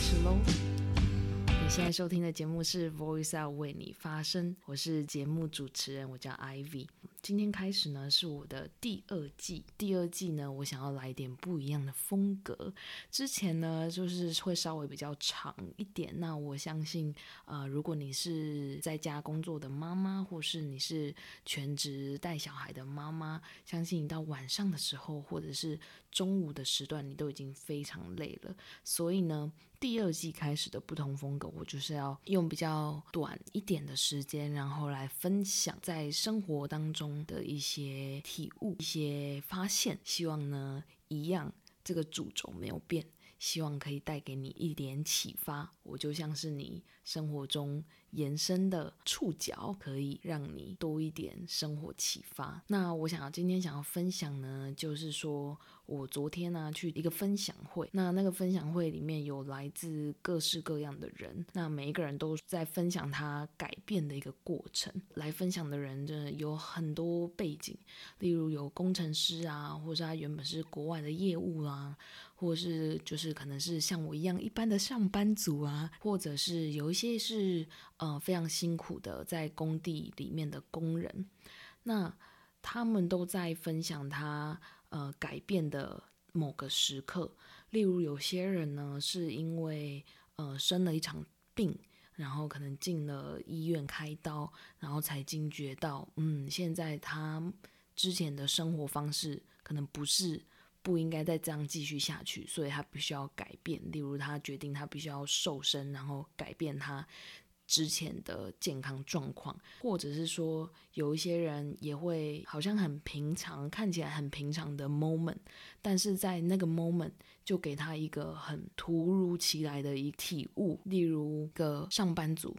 開始囉！你現在收聽的節目是《Voice Out》，為你發聲。我是節目主持人，我叫 Ivy。今天開始呢，是我的第二季。第二季呢，我想要來一點不一樣的風格。之前呢，就是會稍微比較長一點。那我相信，呃，如果你是在家工作的媽媽，或是你是全職帶小孩的媽媽，相信你到晚上的時候，或者是，中午的時段，你都已經非常累了，所以呢，第二季開始的不同風格，我就是要用比較短一點的時間，然後來分享在生活當中的一些體悟、一些發現。希望呢，一樣這個主軸沒有變，希望可以帶給你一點啟發。我就像是你生活中延伸的觸角，可以讓你多一點生活啟發。那我想要今天想要分享呢，就是說，我昨天呢，啊，去一個分享會，那那個分享會裡面有來自各式各樣的人，那每一個人都在分享他改變的一個過程。來分享的人真的有很多背景，例如有工程師啊，或者他原本是國外的業務啊，或是就是可能是像我一樣一般的上班族啊，或者是有一些是呃非常辛苦的在工地裡面的工人，那他們都在分享他。呃，改變的某個時刻，例如有些人呢是因為呃生了一場病，然後可能進了醫院開刀，然後才驚覺到，嗯，現在他之前的生活方式可能不是不應該再這樣繼續下去，所以他必須要改變。例如他決定他必須要瘦身，然後改變他之前的健康狀況，或者是說有一些人也會好像很平常，看起來很平常的 moment，但是在那個 moment 就給他一個很突如其來的一體悟，例如，個上班族，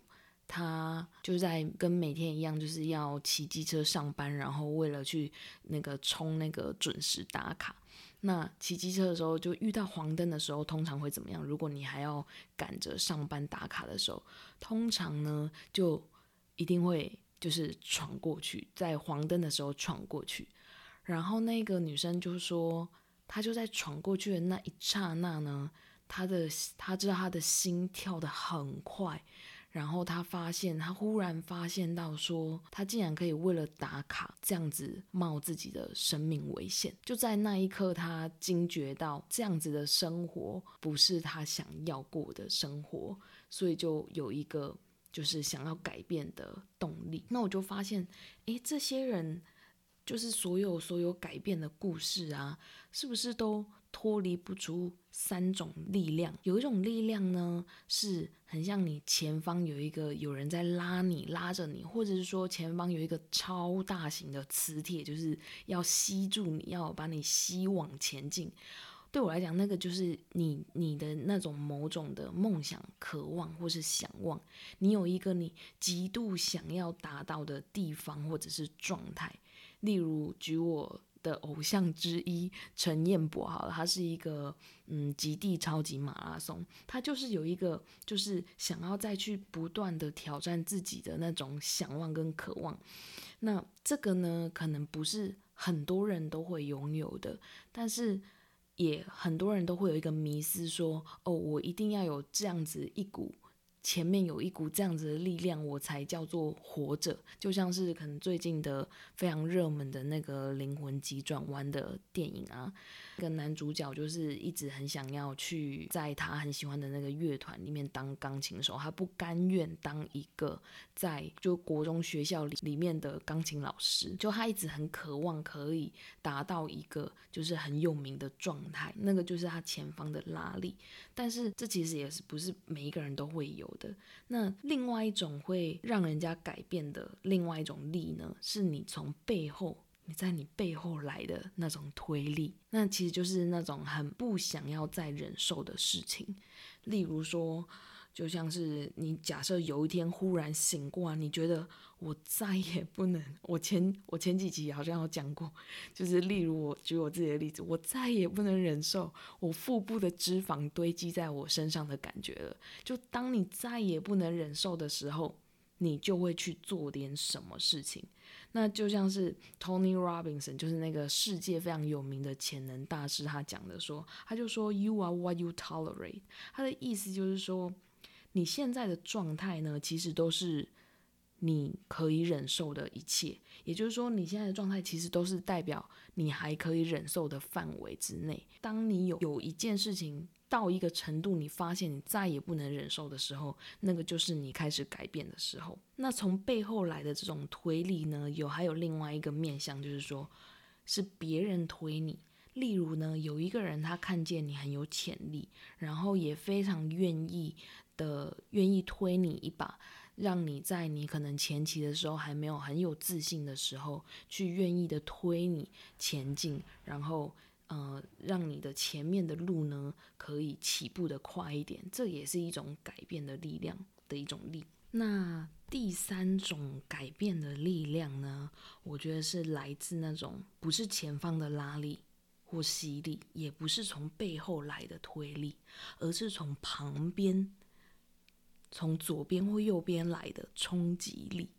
他就在跟每天一樣，就是要騎機車上班，然後為了去那個衝那個準時打卡。那騎機車的時候，就遇到黃燈的時候，通常會怎麼樣？如果你還要趕着上班打卡的時候，通常呢，就一定會就是闖過去，在黃燈的時候闖過去。然後那個女生就說，她就在闖過去的那一剎那呢，她的她知道她的心跳得很快。然後他發現，他忽然發現到說，他竟然可以為了打卡這樣子冒自己的生命危險。就在那一刻，他驚覺到這樣子的生活不是他想要過的生活，所以就有一個就是想要改變的動力。那我就發現，誒，這些人就是所有所有改變的故事啊，是不是都？脫離不出三種力量，有一種力量呢，是很像你前方有一個有人在拉你，拉着你，或者是說前方有一個超大型的磁鐵，就是要吸住你，要把你吸往前進。對我來講，那個就是你你的那種某種的夢想、渴望或是想望，你有一個你極度想要達到的地方或者是狀態，例如舉我的偶像之一陳彥博，好了，他是一個嗯，極地超級馬拉松，他就是有一個，就是想要再去不斷的挑戰自己的那種想望跟渴望。那這個呢，可能不是很多人都會擁有的，但是也很多人都會有一個迷思，說哦，我一定要有這樣子一股。前面有一股這樣子的力量，我才叫做活着。就像是可能最近的非常熱門的那個《靈魂急轉彎》的電影啊。跟男主角就是一直很想要去在他很喜歡的那個樂團裡面當鋼琴手，他不甘願當一個在就國中學校裡裡面的鋼琴老師，就他一直很渴望可以達到一個就是很有名的狀態，那個就是他前方的拉力。但是這其實也是不是每一個人都會有的。那另外一種會讓人家改變的另外一種力呢，是你從背後。在你背後來的那種推力，那其實就是那種很不想要再忍受的事情。例如說，就像是你假設有一天忽然醒過來，你覺得我再也不能……我前我前幾集好像有講過，就是例如我舉我自己的例子，我再也不能忍受我腹部的脂肪堆積在我身上的感覺了。就當你再也不能忍受的時候。你就會去做點什麼事情，那就像是 Tony Robbins，就是那個世界非常有名的潛能大師，他講的說，他就說 You are what you tolerate。他的意思就是說，你現在的狀態呢，其實都是，你可以忍受的一切，也就是說，你現在的狀態其實都是代表你還可以忍受的範圍之內。當你有有一件事情到一個程度，你發現你再也不能忍受的時候，那個就是你開始改變的時候。那從背後來的這種推力呢，有還有另外一個面向，就是說是別人推你。例如呢，有一個人他看見你很有潛力，然後也非常願意的願意推你一把。讓你在你可能前期的時候還沒有很有自信的時候，去願意的推你前進，然後呃，讓你的前面的路呢，可以起步的快一點，這也是一種改變的力量的一種力。那第三種改變的力量呢，我覺得是來自那種不是前方的拉力或吸力，也不是從背後來的推力，而是從旁邊。從左邊或右邊來的衝擊力，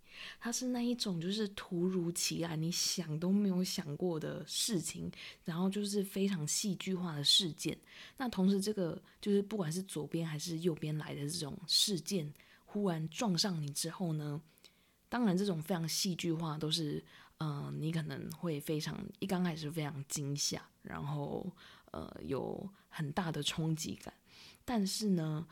它是那一種就是突如其來、你想都沒有想過的事情，然後就是非常戲劇化的事件。那同時，這個就是不管是左邊還是右邊來的這種事件，忽然撞上你之後呢，當然這種非常戲劇化都是，嗯、呃，你可能會非常一剛開始非常驚嚇，然後呃有很大的衝擊感，但是呢。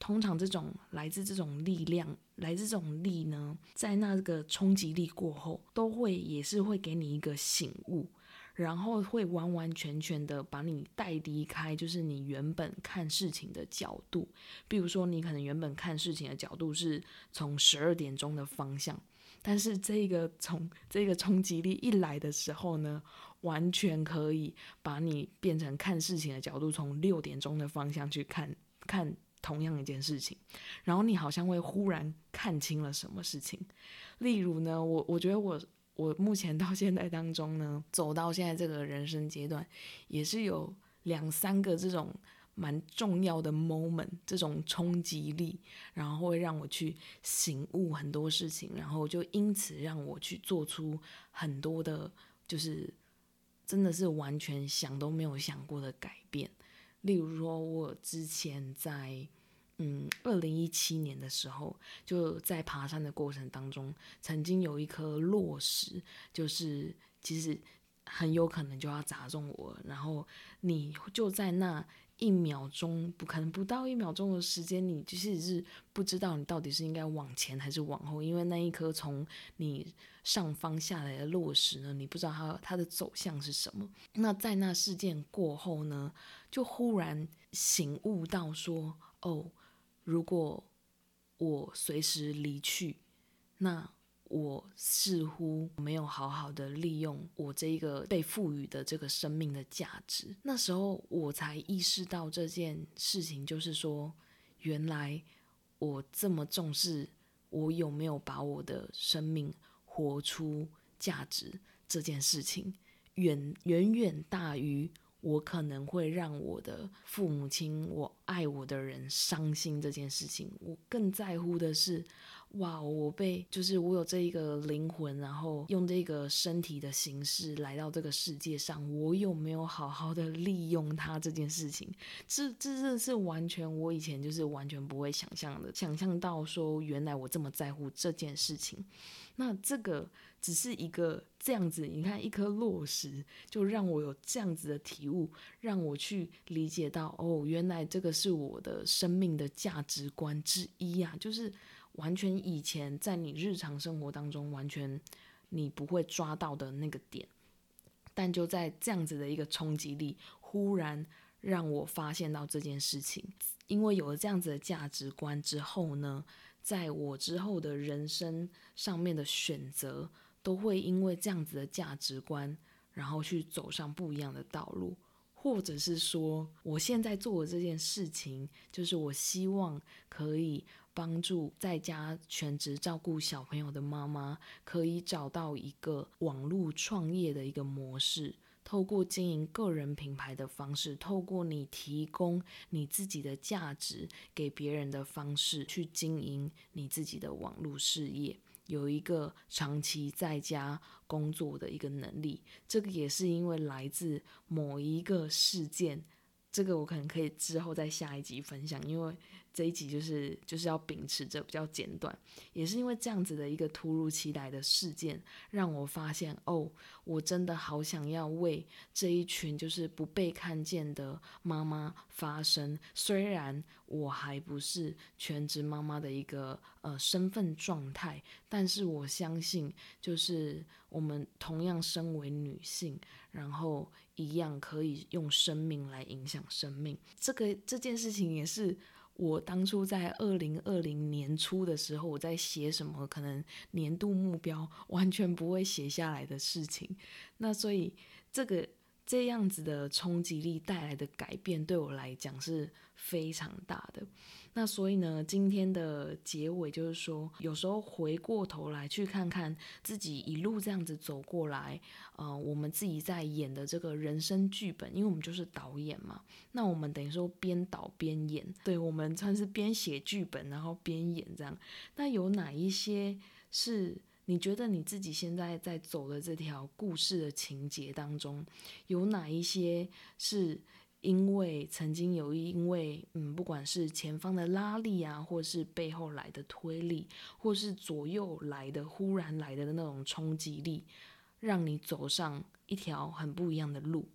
通常這種來自這種力量，來自這種力呢，在那個衝擊力過後，都會也是會給你一個醒悟，然後會完完全全的把你帶離開，就是你原本看事情的角度。比如說，你可能原本看事情的角度是從十二點鐘的方向，但是這個從這個衝擊力一來的時候呢，完全可以把你變成看事情的角度從六點鐘的方向去看看。同樣一件事情，然後你好像會忽然看清了什麼事情。例如呢，我我覺得我我目前到現在當中呢，走到現在這個人生階段，也是有兩三個這種蠻重要的 moment，這種衝擊力，然後會讓我去醒悟很多事情，然後就因此讓我去做出很多的，就是真的是完全想都沒有想過的改變。例如說，我之前在嗯二零一七年的時候，就在爬山的過程當中，曾經有一顆落石，就是其實。很有可能就要砸中我，然後你就在那一秒鐘，不可能不到一秒鐘的時間，你就其實是不知道你到底是應該往前還是往後，因為那一顆從你上方下來的落石呢，你不知道它它的走向是什麼。那在那事件過後呢，就忽然醒悟到說，哦，如果我隨時離去，那。我似乎沒有好好的利用我這個被賦予的這個生命的價值。那時候我才意識到這件事情，就是說，原來我這麼重視我有沒有把我的生命活出價值這件事情遠遠遠遠大於我可能會讓我的父母親、我愛我的人傷心這件事情。我更在乎的是。哇！我被就是我有這一個靈魂，然後用這個身體的形式來到這個世界上，我有沒有好好的利用它這件事情？這這這是完全我以前就是完全不會想象的，想象到說原來我這麼在乎這件事情。那這個只是一個這樣子，你看一顆落石就讓我有這樣子的體悟，讓我去理解到哦，原來這個是我的生命的價值觀之一呀、啊，就是。完全以前在你日常生活當中完全你不會抓到的那個點，但就在這樣子的一個衝擊力，忽然讓我發現到這件事情。因為有了這樣子的價值觀之後呢，在我之後的人生上面的選擇，都會因為這樣子的價值觀，然後去走上不一樣的道路，或者是說，我現在做的這件事情，就是我希望可以。幫助在家全職照顧小朋友的媽媽，可以找到一個網絡創業的一個模式。透過經營個人品牌的方式，透過你提供你自己的價值給別人的方式，去經營你自己的網絡事業，有一個長期在家工作的一個能力。這個也是因為來自某一個事件，這個我可能可以之後在下一集分享，因為。這一集就是就是要秉持着比較簡短，也是因為這樣子的一個突如其來的事件，讓我發現哦，我真的好想要為這一群就是不被看見的媽媽發聲。雖然我還不是全職媽媽的一個呃身份狀態，但是我相信，就是我們同樣身為女性，然後一樣可以用生命來影響生命。這個這件事情也是。我當初在二零二零年初的時候，我在寫什麼？可能年度目標完全不會寫下來的事情。那所以這個。這樣子的衝擊力帶來的改變，對我來講是非常大的。那所以呢，今天的結尾就是說，有時候回過頭來去看看自己一路這樣子走過來，呃，我們自己在演的這個人生劇本，因為我們就是導演嘛。那我們等於說邊導邊演，對，我們算是邊寫劇本，然後邊演這樣。那有哪一些是？你覺得你自己現在在走的這條故事的情節當中，有哪一些是因為曾經有一，因為嗯，不管是前方的拉力啊，或是背後來的推力，或是左右來的忽然來的那種衝擊力，讓你走上一條很不一樣的路？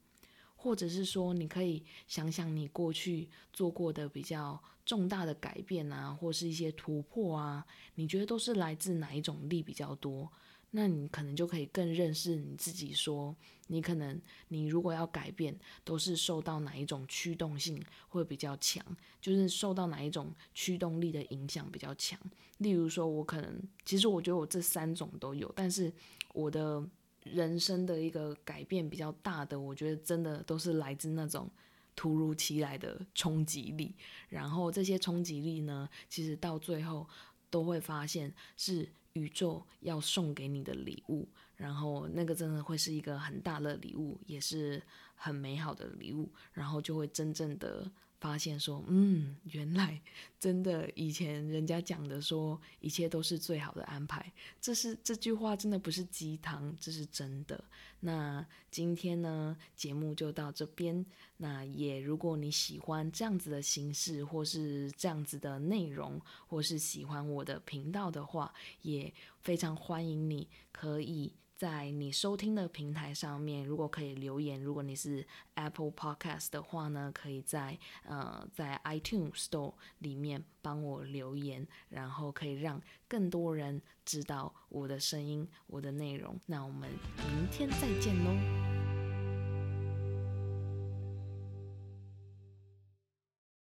或者是說，你可以想想你過去做過的比較重大的改變啊，或是一些突破啊，你覺得都是來自哪一種力比較多？那你可能就可以更認識你自己說，說你可能你如果要改變，都是受到哪一種驅動性會比較強，就是受到哪一種驅動力的影響比較強。例如說，我可能其實我覺得我這三種都有，但是我的。人生的一個改變比較大的，我覺得真的都是來自那種突如其來的衝擊力。然後這些衝擊力呢，其實到最後都會發現是宇宙要送給你的禮物。然後那個真的會是一個很大的禮物，也是很美好的禮物。然後就會真正的。發現說，嗯，原來真的以前人家講的說一切都是最好的安排，這是這句話真的不是雞湯，這是真的。那今天呢，節目就到這邊。那也如果你喜歡這樣子的形式，或是這樣子的內容，或是喜歡我的頻道的話，也非常歡迎你，可以。在你收聽的平台上面，如果可以留言，如果你是 Apple Podcast 的話呢，可以在呃在 iTunes Store 裡面幫我留言，然後可以讓更多人知道我的聲音、我的內容。那我們明天再見嘍。